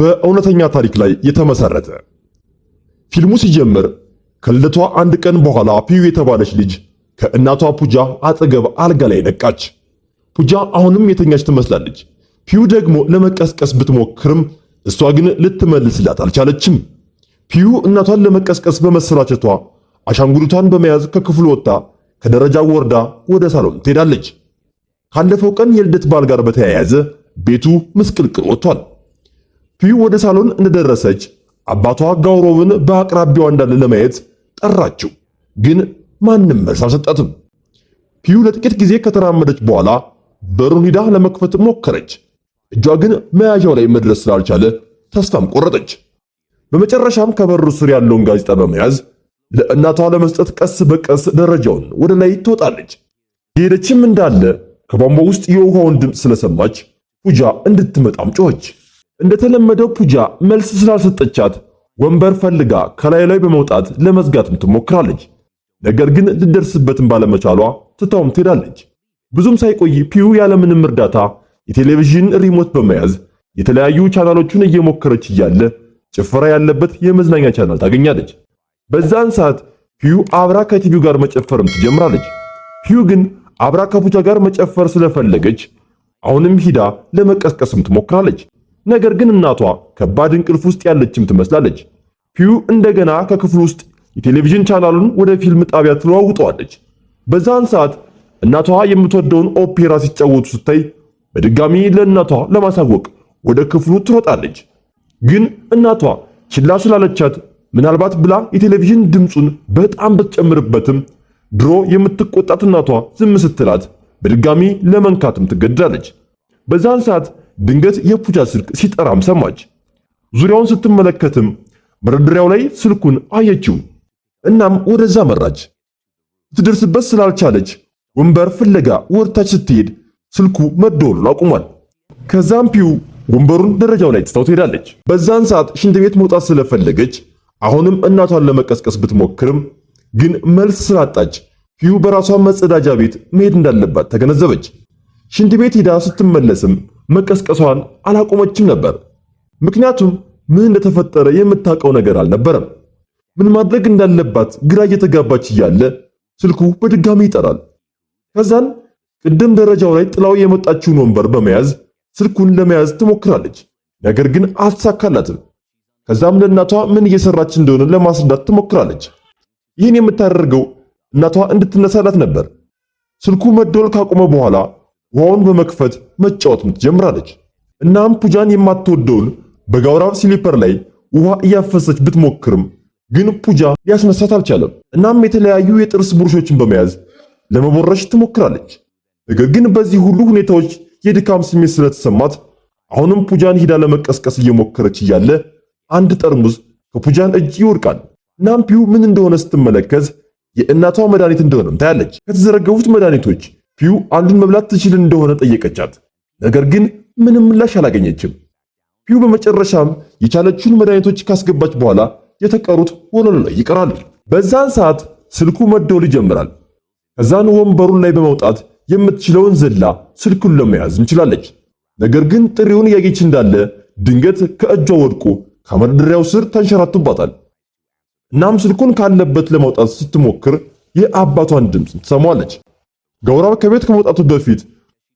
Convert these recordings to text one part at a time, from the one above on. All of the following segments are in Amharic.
በእውነተኛ ታሪክ ላይ የተመሰረተ ፊልሙ ሲጀምር ከልደቷ አንድ ቀን በኋላ ፒዩ የተባለች ልጅ ከእናቷ ፑጃ አጠገብ አልጋ ላይ ነቃች። ፑጃ አሁንም የተኛች ትመስላለች። ፒዩ ደግሞ ለመቀስቀስ ብትሞክርም እሷ ግን ልትመልስላት አልቻለችም። ፒዩ እናቷን ለመቀስቀስ በመሰላቸቷ አሻንጉሊቷን በመያዝ ከክፍሉ ወጥታ ከደረጃ ወርዳ ወደ ሳሎን ትሄዳለች። ካለፈው ቀን የልደት በዓል ጋር በተያያዘ ቤቱ ምስቅልቅል ወጥቷል። ፒዩ ወደ ሳሎን እንደደረሰች አባቷ ጋውሮብን በአቅራቢያው እንዳለ ለማየት ጠራችው፣ ግን ማንም መልስ አልሰጣትም። ፒዩ ለጥቂት ጊዜ ከተራመደች በኋላ በሩን ሂዳ ለመክፈት ሞከረች። እጇ ግን መያዣው ላይ መድረስ ስላልቻለ ተስፋም ቆረጠች። በመጨረሻም ከበሩ ስር ያለውን ጋዜጣ በመያዝ ለእናቷ ለመስጠት ቀስ በቀስ ደረጃውን ወደ ላይ ትወጣለች። የሄደችም እንዳለ ከቧንቧ ውስጥ የውሃውን ድምፅ ስለሰማች ፉጃ እንድትመጣም ጮኸች። እንደተለመደው ፑጃ መልስ ስላልሰጠቻት ወንበር ፈልጋ ከላይ ላይ በመውጣት ለመዝጋትም ትሞክራለች። ነገር ግን ልደርስበትም ባለመቻሏ ትታውም ትሄዳለች። ብዙም ሳይቆይ ፒዩ ያለምንም እርዳታ የቴሌቪዥን ሪሞት በመያዝ የተለያዩ ቻናሎቹን እየሞከረች እያለ ጭፈራ ያለበት የመዝናኛ ቻናል ታገኛለች። በዛን ሰዓት ፒዩ አብራ ከቲቪው ጋር መጨፈርም ትጀምራለች። ፒዩ ግን አብራ ከፑጃ ጋር መጨፈር ስለፈለገች አሁንም ሂዳ ለመቀስቀስም ትሞክራለች። ነገር ግን እናቷ ከባድ እንቅልፍ ውስጥ ያለችም ትመስላለች። ፒዩ እንደገና ከክፍል ውስጥ የቴሌቪዥን ቻናሉን ወደ ፊልም ጣቢያ ትለዋውጠዋለች። በዛን ሰዓት እናቷ የምትወደውን ኦፔራ ሲጫወቱ ስታይ በድጋሚ ለእናቷ ለማሳወቅ ወደ ክፍሉ ትሮጣለች። ግን እናቷ ችላ ስላለቻት ምናልባት ብላ የቴሌቪዥን ድምፁን በጣም ብትጨምርበትም ድሮ የምትቆጣት እናቷ ዝም ስትላት በድጋሚ ለመንካትም ትገደዳለች። በዛን ሰዓት ድንገት የፑጃ ስልክ ሲጠራም ሰማች። ዙሪያውን ስትመለከትም መደርደሪያው ላይ ስልኩን አየችው። እናም ወደዛ መራች። ስትደርስበት ስላልቻለች ወንበር ፍለጋ ወርታች ስትሄድ ስልኩ መደወሉን አቁሟል። ከዛም ፒው ወንበሩን ደረጃው ላይ ትታው ትሄዳለች። በዛን ሰዓት ሽንት ቤት መውጣት ስለፈለገች አሁንም እናቷን ለመቀስቀስ ብትሞክርም ግን መልስ ስላጣች ፒው በራሷ መጸዳጃ ቤት መሄድ እንዳለባት ተገነዘበች። ሽንት ቤት ሄዳ ስትመለስም መቀስቀሷን አላቆመችም ነበር። ምክንያቱም ምን እንደተፈጠረ የምታውቀው ነገር አልነበረም። ምን ማድረግ እንዳለባት ግራ እየተጋባች እያለ ስልኩ በድጋሚ ይጠራል። ከዛን ቅድም ደረጃው ላይ ጥላው የመጣችውን ወንበር በመያዝ ስልኩን ለመያዝ ትሞክራለች። ነገር ግን አትሳካላትም። ከዛም ለእናቷ ምን እየሰራች እንደሆነ ለማስረዳት ትሞክራለች። ይህን የምታደርገው እናቷ እንድትነሳላት ነበር። ስልኩ መደወል ካቆመ በኋላ ውሃውን በመክፈት መጫወትም ትጀምራለች። እናም ፑጃን የማትወደውን በጋውራብ ስሊፐር ላይ ውሃ እያፈሰች ብትሞክርም ግን ፑጃ ሊያስነሳት አልቻለም። እናም የተለያዩ የጥርስ ብሩሾችን በመያዝ ለመቦረሽ ትሞክራለች። ነገር ግን በዚህ ሁሉ ሁኔታዎች የድካም ስሜት ስለተሰማት አሁንም ፑጃን ሂዳ ለመቀስቀስ እየሞከረች እያለ አንድ ጠርሙስ ከፑጃን እጅ ይወድቃል። እናም ፒዩ ምን እንደሆነ ስትመለከት የእናቷ መድኃኒት እንደሆነም ታያለች። ከተዘረገፉት መድኃኒቶች ፒው አንዱን መብላት ትችል እንደሆነ ጠየቀቻት። ነገር ግን ምንም ምላሽ አላገኘችም። ፒዩ በመጨረሻም የቻለችውን መድኃኒቶች ካስገባች በኋላ የተቀሩት ወለሉ ላይ ይቀራል። በዛን ሰዓት ስልኩ መደወል ይጀምራል። ከዛን ወንበሩን ላይ በመውጣት የምትችለውን ዘላ ስልኩን ለመያዝ እንችላለች። ነገር ግን ጥሪውን እያጌች እንዳለ ድንገት ከእጇ ወድቆ ከመደርደሪያው ስር ተንሸራቶባታል። እናም ስልኩን ካለበት ለመውጣት ስትሞክር የአባቷን ድምፅ ትሰማዋለች። ገብረአብ ከቤት ከመውጣቱ በፊት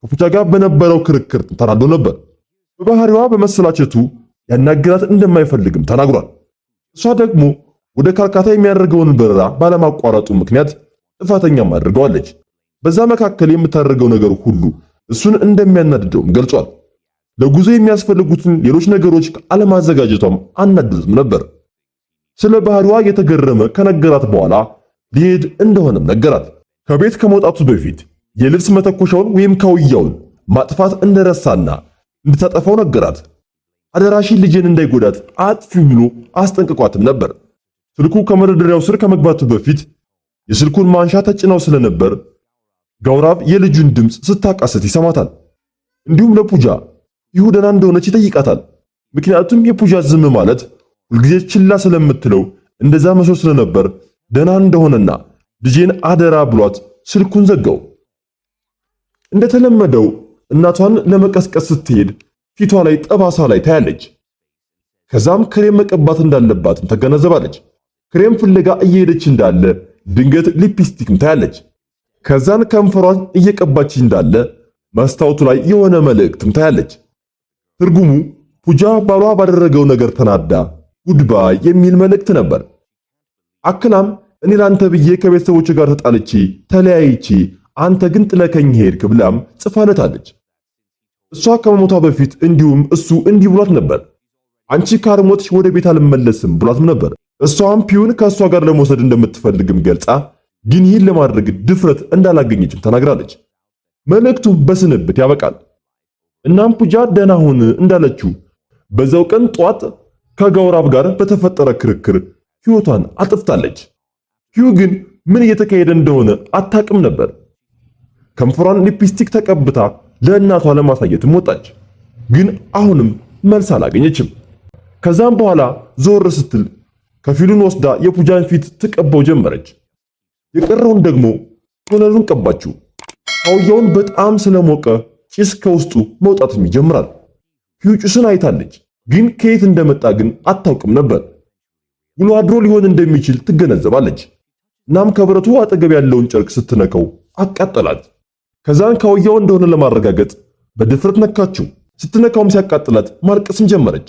ከፉቻ ጋር በነበረው ክርክር ተናዶ ነበር። በባህሪዋ በመሰላቸቱ ያናግራት እንደማይፈልግም ተናግሯል። እሷ ደግሞ ወደ ካልካታ የሚያደርገውን በረራ ባለማቋረጡ ምክንያት ጥፋተኛም አድርገዋለች። በዛ መካከል የምታደርገው ነገር ሁሉ እሱን እንደሚያናድደውም ገልጿል። ለጉዞ የሚያስፈልጉትን ሌሎች ነገሮች አለማዘጋጀቷም አናድዱትም ነበር። ስለ ባህሪዋ የተገረመ ከነገራት በኋላ ሊሄድ እንደሆነም ነገራት። ከቤት ከመውጣቱ በፊት የልብስ መተኮሻውን ወይም ካውያውን ማጥፋት እንደረሳና እንድታጠፋው ነገራት። አደራሽን ልጅን እንዳይጎዳት አጥፊ ብሎ አስጠንቅቋትም ነበር። ስልኩ ከመደርደሪያው ስር ከመግባቱ በፊት የስልኩን ማንሻ ተጭነው ስለነበር ጋውራብ የልጁን ድምፅ ስታቃሰት ይሰማታል። እንዲሁም ለፑጃ ይሁ ደህና እንደሆነች ይጠይቃታል። ምክንያቱም የፑጃ ዝም ማለት ሁልጊዜ ችላ ስለምትለው እንደዛ መስሎ ስለነበር ደህና እንደሆነና ልጄን አደራ ብሏት ስልኩን ዘጋው። እንደተለመደው እናቷን ለመቀስቀስ ስትሄድ ፊቷ ላይ ጠባሳ ላይ ታያለች። ከዛም ክሬም መቀባት እንዳለባትም ተገነዘባለች። ክሬም ፍለጋ እየሄደች እንዳለ ድንገት ሊፕስቲክም ታያለች። ከዛን ከንፈሯን እየቀባች እንዳለ መስታወቱ ላይ የሆነ መልእክትም ታያለች። ትርጉሙ ፑጃ ባሏ ባደረገው ነገር ተናዳ ጉድባይ የሚል መልእክት ነበር። አክላም እኔ ላንተ ብዬ ከቤተሰቦች ጋር ተጣልቼ ተለያይቼ አንተ ግን ጥለከኝ ሄድክ ብላም ጽፋለታለች። እሷ ከመሞቷ በፊት እንዲሁም እሱ እንዲህ ብሏት ነበር። አንቺ ካርሞትሽ ወደ ቤት አልመለስም ብሏትም ነበር። እሷም ፒዩን ከእሷ ጋር ለመውሰድ እንደምትፈልግም ገልጻ ግን ይህን ለማድረግ ድፍረት እንዳላገኘችም ተናግራለች። መልእክቱም በስንብት ያበቃል። እናም ፑጃ ደህና ሁን እንዳለችው በዛው ቀን ጧት ከጋውራብ ጋር በተፈጠረ ክርክር ሕይወቷን አጥፍታለች። ሂዩ ግን ምን እየተካሄደ እንደሆነ አታቅም ነበር። ከንፈሯን ሊፕስቲክ ተቀብታ ለእናቷ ለማሳየትም ወጣች። ግን አሁንም መልስ አላገኘችም። ከዛም በኋላ ዞር ስትል ከፊሉን ወስዳ የፑጃን ፊት ትቀባው ጀመረች። የቀረውን ደግሞ ቶነሩን ቀባችው። ሰውየውን በጣም ስለሞቀ ጭስ ከውስጡ መውጣትም ይጀምራል። ሂዩ ጭስን አይታለች፣ ግን ከየት እንደመጣ ግን አታውቅም ነበር። ውሎ አድሮ ሊሆን እንደሚችል ትገነዘባለች። እናም ከብረቱ አጠገብ ያለውን ጨርቅ ስትነካው አቃጠላት። ከዛን ካውያው እንደሆነ ለማረጋገጥ በድፍረት ነካችው። ስትነካውም ሲያቃጥላት ማልቀስም ጀመረች።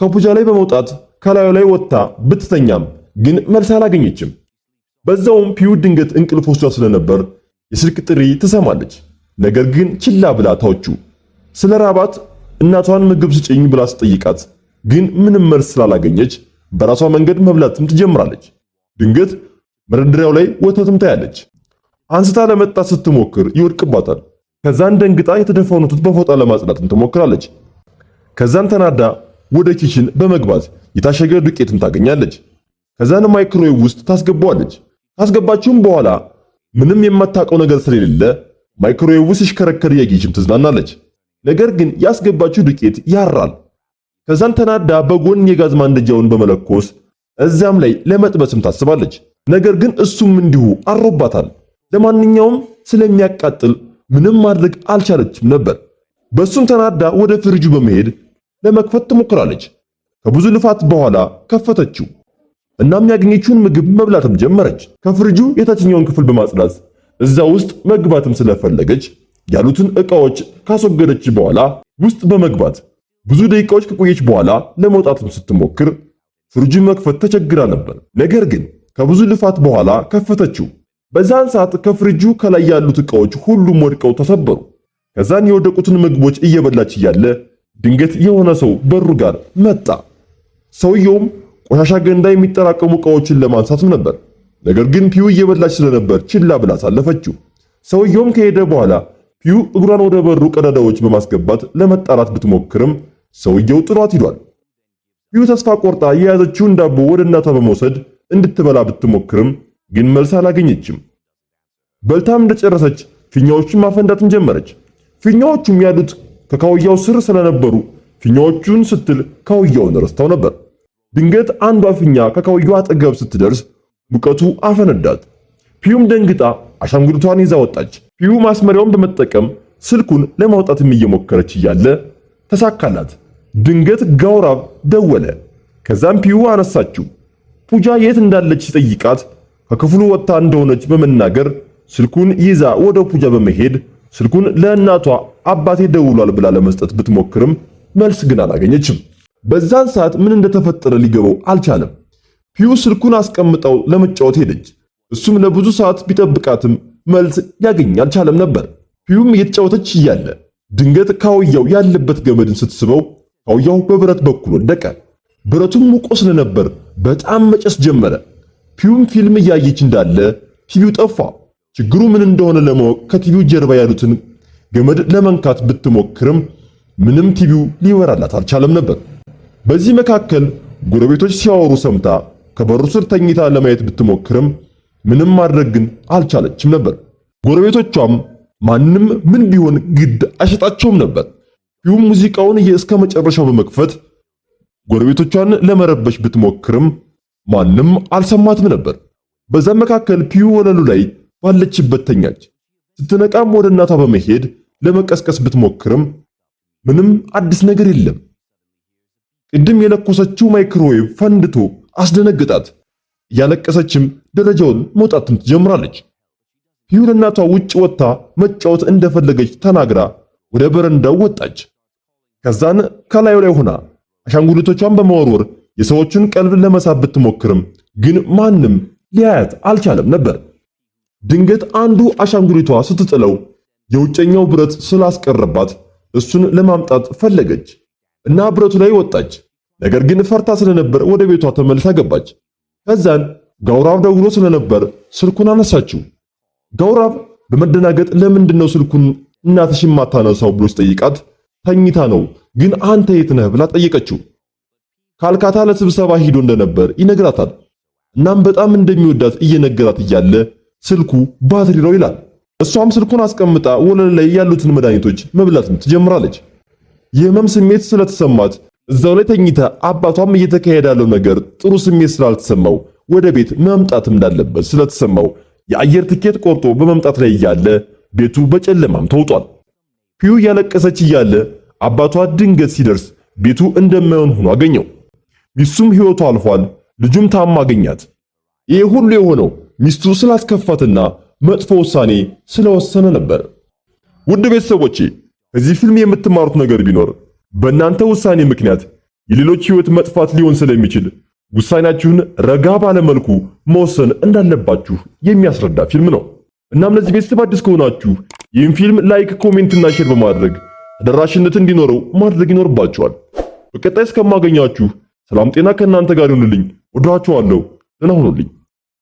ከቡጃ ላይ በመውጣት ከላዩ ላይ ወጥታ ብትተኛም ግን መልስ አላገኘችም። በዛውም ፒዩ ድንገት እንቅልፍ ወስዷት ስለነበር የስልክ ጥሪ ትሰማለች። ነገር ግን ችላ ብላ ታዎቹ ስለ ራባት እናቷን ምግብ ስጭኝ ብላ ስጠይቃት ግን ምንም መልስ ስላላገኘች በራሷ መንገድ መብላትም ትጀምራለች። ድንገት መደርደሪያው ላይ ወተትም ታያለች። አንስታ ለመጣት ስትሞክር ይወድቅባታል። ከዛን ደንግጣ የተደፋውን ወተት በፎጣ ለማጽዳትም ትሞክራለች። ከዛን ተናዳ ወደ ኪችን በመግባት የታሸገ ዱቄትን ታገኛለች። ከዛን ማይክሮዌቭ ውስጥ ታስገባዋለች። ካስገባችሁም በኋላ ምንም የማታውቀው ነገር ስለሌለ ማይክሮዌቭ ውስጥ ይሽከረከር እያየችም ትዝናናለች። ነገር ግን ያስገባችው ዱቄት ያራል። ከዛን ተናዳ በጎን የጋዝ ማንደጃውን በመለኮስ እዛም ላይ ለመጥበስም ታስባለች። ነገር ግን እሱም እንዲሁ አሮባታል። ለማንኛውም ስለሚያቃጥል ምንም ማድረግ አልቻለችም ነበር። በእሱም ተናዳ ወደ ፍሪጁ በመሄድ ለመክፈት ትሞክራለች። ከብዙ ልፋት በኋላ ከፈተችው። እናም ያገኘችውን ምግብ መብላትም ጀመረች። ከፍሪጁ የታችኛውን ክፍል በማጽዳት እዛ ውስጥ መግባትም ስለፈለገች ያሉትን ዕቃዎች ካስወገደች በኋላ ውስጥ በመግባት ብዙ ደቂቃዎች ከቆየች በኋላ ለመውጣትም ስትሞክር ፍርጁ መክፈት ተቸግራ ነበር። ነገር ግን ከብዙ ልፋት በኋላ ከፈተችው። በዛን ሰዓት ከፍርጁ ከላይ ያሉት ዕቃዎች ሁሉም ወድቀው ተሰበሩ። ከዛን የወደቁትን ምግቦች እየበላች እያለ ድንገት የሆነ ሰው በሩ ጋር መጣ። ሰውየውም ቆሻሻ ገንዳ የሚጠራቀሙ ዕቃዎችን ለማንሳትም ነበር። ነገር ግን ፒዩ እየበላች ስለነበር ችላ ብላ ሳለፈችው። ሰውየውም ከሄደ በኋላ ፒዩ እግሯን ወደ በሩ ቀዳዳዎች በማስገባት ለመጣራት ብትሞክርም ሰውየው ጥሏት ሂዷል። ፒዩ ተስፋ ቆርጣ የያዘችውን ዳቦ ወደ እናቷ በመውሰድ እንድትበላ ብትሞክርም ግን መልስ አላገኘችም። በልታም እንደጨረሰች ፊኛዎቹን ማፈንዳትም ጀመረች። ፊኛዎቹም ያሉት ከካውያው ስር ስለነበሩ ፊኛዎቹን ስትል ካውያውን ረስታው ነበር። ድንገት አንዷ ፊኛ ከካውያው አጠገብ ስትደርስ ሙቀቱ አፈነዳት። ፒዩም ደንግጣ አሻንጉሊቷን ይዛ ወጣች። ፒዩ ማስመሪያውን በመጠቀም ስልኩን ለማውጣትም እየሞከረች እያለ ተሳካላት። ድንገት ጋውራብ ደወለ። ከዛም ፒዩ አነሳችው። ፑጃ የት እንዳለች ሲጠይቃት ከክፍሉ ወጥታ እንደሆነች በመናገር ስልኩን ይዛ ወደ ፑጃ በመሄድ ስልኩን ለእናቷ አባቴ ደውሏል ብላ ለመስጠት ብትሞክርም መልስ ግን አላገኘችም። በዛን ሰዓት ምን እንደተፈጠረ ሊገባው አልቻለም። ፒዩ ስልኩን አስቀምጠው ለመጫወት ሄደች። እሱም ለብዙ ሰዓት ቢጠብቃትም መልስ ያገኝ አልቻለም ነበር። ፒዩም እየተጫወተች እያለ ድንገት ካውያው ያለበት ገመድን ስትስበው ካውያው በብረት በኩል ወደቀ። ብረቱም ሙቆ ስለነበር በጣም መጨስ ጀመረ። ፒዩም ፊልም እያየች እንዳለ ቲቪው ጠፋ። ችግሩ ምን እንደሆነ ለማወቅ ከቲቪው ጀርባ ያሉትን ገመድ ለመንካት ብትሞክርም ምንም ቲቪው ሊወራላት አልቻለም ነበር። በዚህ መካከል ጎረቤቶች ሲያወሩ ሰምታ ከበሩ ስር ተኝታ ለማየት ብትሞክርም ምንም ማድረግ ግን አልቻለችም ነበር። ጎረቤቶቿም ማንም ምን ቢሆን ግድ አይሸጣቸውም ነበር። ፒዩም ሙዚቃውን እስከ መጨረሻው በመክፈት ጎረቤቶቿን ለመረበሽ ብትሞክርም ማንም አልሰማትም ነበር። በዛም መካከል ፒዩ ወለሉ ላይ ባለችበት ተኛች። ስትነቃም ወደ እናቷ በመሄድ ለመቀስቀስ ብትሞክርም ምንም አዲስ ነገር የለም። ቅድም የለኮሰችው ማይክሮዌቭ ፈንድቶ አስደነግጣት። እያለቀሰችም ደረጃውን መውጣትም ትጀምራለች። ፒዩ ለእናቷ ውጭ ወጥታ መጫወት እንደፈለገች ተናግራ ወደ በረንዳው ወጣች። ከዛን ከላዩ ላይ ሆና አሻንጉሊቶቿን በመወርወር የሰዎቹን ቀልብ ለመሳብ ብትሞክርም ግን ማንም ሊያያት አልቻለም ነበር። ድንገት አንዱ አሻንጉሊቷ ስትጥለው የውጨኛው ብረት ስላስቀረባት እሱን ለማምጣት ፈለገች እና ብረቱ ላይ ወጣች። ነገር ግን ፈርታ ስለነበር ወደ ቤቷ ተመልሳ ገባች። ከዛን ጋውራብ ደውሎ ስለነበር ስልኩን አነሳችው። ጋውራብ በመደናገጥ ለምንድነው ስልኩን እናትሽ ማታነሳው ብሎ ሲጠይቃት ተኝታ ነው። ግን አንተ የት ነህ ብላ ጠየቀችው። ካልካታ ለስብሰባ ሂዶ እንደነበር ይነግራታል። እናም በጣም እንደሚወዳት እየነገራት እያለ ስልኩ ባትሪ ነው ይላል። እሷም ስልኩን አስቀምጣ ወለል ላይ ያሉትን መድኃኒቶች መብላትም ትጀምራለች። የህመም ስሜት ስለተሰማት እዛው ላይ ተኝታ አባቷም እየተካሄደ ያለው ነገር ጥሩ ስሜት ስላልተሰማው ወደ ቤት መምጣት እንዳለበት ስለተሰማው የአየር ትኬት ቆርጦ በመምጣት ላይ እያለ ቤቱ በጨለማም ተውጧል። ፒዩ እያለቀሰች እያለ አባቷ ድንገት ሲደርስ ቤቱ እንደማይሆን ሆኖ አገኘው። ሚስቱም ሕይወቷ አልፏል፣ ልጁም ታማ አገኛት። ይህ ሁሉ የሆነው ሚስቱ ስላስከፋትና መጥፎ ውሳኔ ስለወሰነ ነበር። ውድ ቤተሰቦቼ ከዚህ ፊልም የምትማሩት ነገር ቢኖር በእናንተ ውሳኔ ምክንያት የሌሎች ሕይወት መጥፋት ሊሆን ስለሚችል ውሳኔያችሁን ረጋ ባለ መልኩ መወሰን እንዳለባችሁ የሚያስረዳ ፊልም ነው። እናም ለዚህ ቤተሰብ አዲስ ከሆናችሁ ይህን ፊልም ላይክ፣ ኮሜንትና ሼር በማድረግ ተደራሽነት እንዲኖረው ማድረግ ይኖርባቸዋል። በቀጣይ እስከማገኛችሁ ሰላም ጤና ከእናንተ ጋር ይሁንልኝ። ወዳችኋለሁ። ደህና ሁኑልኝ።